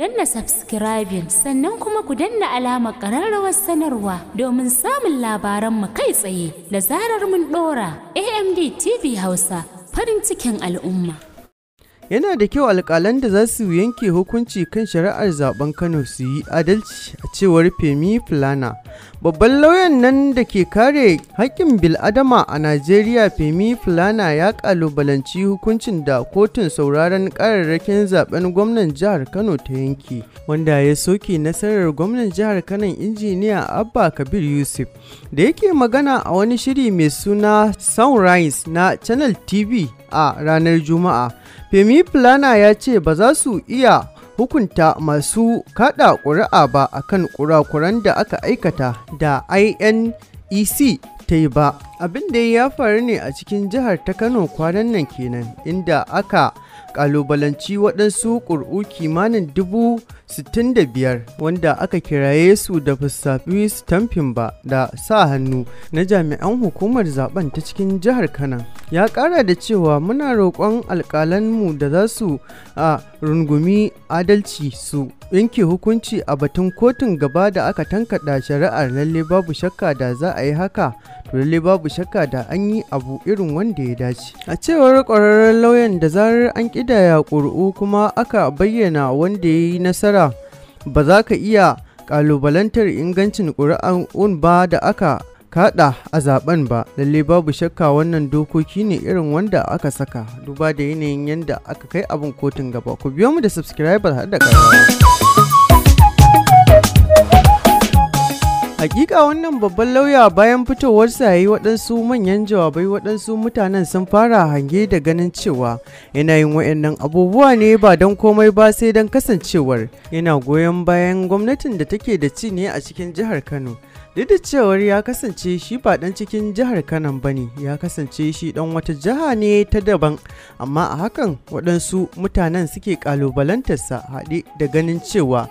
danna subscribing sannan kuma ku danna alamar ƙararrawar sanarwa domin samun labaran mu kai tsaye da zarar mun ɗora amd tv hausa farin cikin al'umma yana da kyau alƙalan da za su yanke hukunci kan shari'ar zaben kano su yi adalci a cewar femi fulana babban lauyan nan da ke kare haƙƙin biladama a najeriya femi fulana ya ƙalubalanci hukuncin da kotun sauraron ƙararrakin zaben gwamnan jihar kano ta yanki, wanda ya soke nasarar gwamnan jihar kano injiniya abba kabir yusuf da yake magana a wani shiri mai suna sunrise na channel tv a ranar juma'a femi fulana ya ce ba za su iya hukunta masu kada ƙuri'a ba a akan ƙurakuran da aka aikata da INEC ta yi ba. Abin da ya faru ne a cikin jihar ta Kano kwanan nan kenan inda aka ƙalubalanci waɗansu ƙuri'u kimanin dubu sittin da biyar wanda aka kiraye su da fussafi stamfin ba da sa hannu na jami'an hukumar zaben ta cikin jihar Kana. Ya ƙara da cewa muna roƙon alƙalanmu da za su a rungumi adalci su yanke hukunci a batun kotun gaba da aka tankaɗa shari'ar lalle babu shakka da za a yi haka lalle babu shakka da an yi abu irin wanda ya dace a cewar ƙwararren lauyan da zarar an ƙidaya ƙuri'u kuma aka bayyana wanda ya yi nasara ba za ka iya ƙalubalantar ingancin ƙuri'un ba da aka kaɗa a zaben ba lalle babu shakka wannan dokoki ne irin wanda aka saka duba da yanayin yadda aka kai abin kotun gaba ku biyo mu da subscriber har da Hakika wannan babban lauya bayan fitowarsa ya yi waɗansu manyan jawabai waɗansu mutanen sun fara hange da ganin cewa yana yin wayannan abubuwa ne ba don komai ba sai don kasancewar yana goyon bayan gwamnatin da take da ci ne a cikin jihar Kano. Duk da cewar ya kasance shi ba dan cikin jihar Kano ba ne, ya kasance shi dan wata jiha ne ta daban, amma a hakan waɗansu mutanen suke kalubalantarsa haɗe da ganin cewa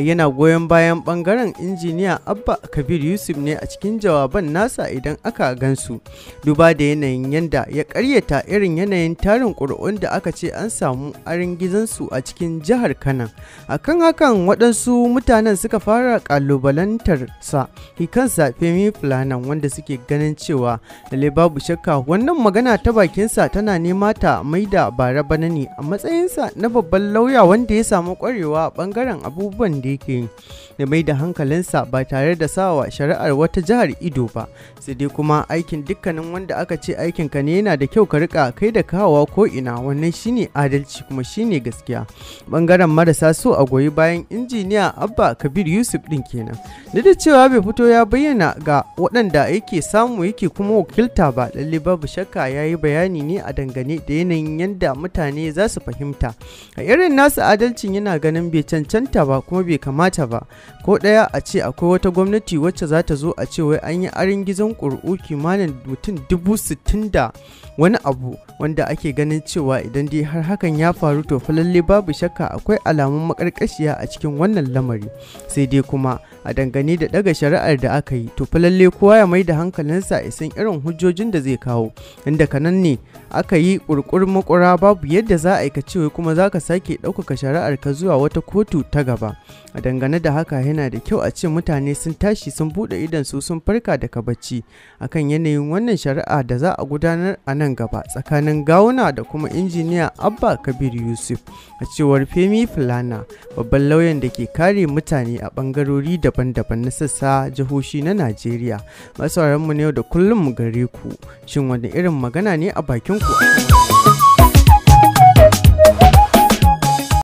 yana goyon bayan bangaren injiniya abba kabir yusuf ne a cikin jawaban nasa idan aka gansu duba da yanayin yadda ya karyata irin yanayin tarin ƙuri'un da aka ce an samu arin gizansu a cikin jihar kanan akan hakan waɗansu mutanen suka fara kalubalantar sa safe femi fulanan wanda suke ganin cewa lalle babu shakka wannan magana ta bakinsa tana nema ta maida bara bana ne a matsayinsa na babban lauya wanda ya samu kwarewa bangaren abubuwan da yake da mai da hankalinsa ba tare da sawa shari'ar wata jihar ido ba sai dai kuma aikin dukkanin wanda aka ce aikin ka ne yana da kyau ka rika kai da kawawa ko ina wannan shine adalci kuma shine gaskiya bangaren marasa so a goyi bayan injiniya abba kabir yusuf din kenan da da cewa bai fito ya bayyana ga waɗanda yake samu yake kuma wakilta ba lalle babu shakka ya yi bayani ne a dangane da yanayin yadda mutane za su fahimta a irin nasu adalcin yana ganin bai cancanta ba kuma bai bai kamata ba ko daya a ce akwai wata gwamnati wacce za ta zo a ce wai an yi arin gizon ƙuri'u kimanin mutum dubu sittin da wani abu wanda ake ganin cewa idan dai har hakan ya faru to falalle babu shakka akwai alamun makarkashiya a cikin wannan lamari sai dai kuma a dangane da daga shari'ar da aka yi to falalle kowa ya mai da hankalinsa isan irin hujjojin da zai kawo inda kanan ne aka yi kurkur makura babu yadda za a ka cewa kuma za ka sake ɗaukaka shari'ar ka zuwa wata kotu ta gaba a dangane da haka yana da kyau a ce mutane sun tashi sun buɗe idan su sun farka daga bacci akan yanayin wannan shari'a da za a gudanar a nan gaba tsakanin tsakanin gawuna da kuma injiniya abba kabir yusuf a cewar femi fulana babban lauyan da ke kare mutane a bangarori daban-daban na sassa jihohi na najeriya masu mu ne da kullum mu gare ku shin wani irin magana ne a bakin ku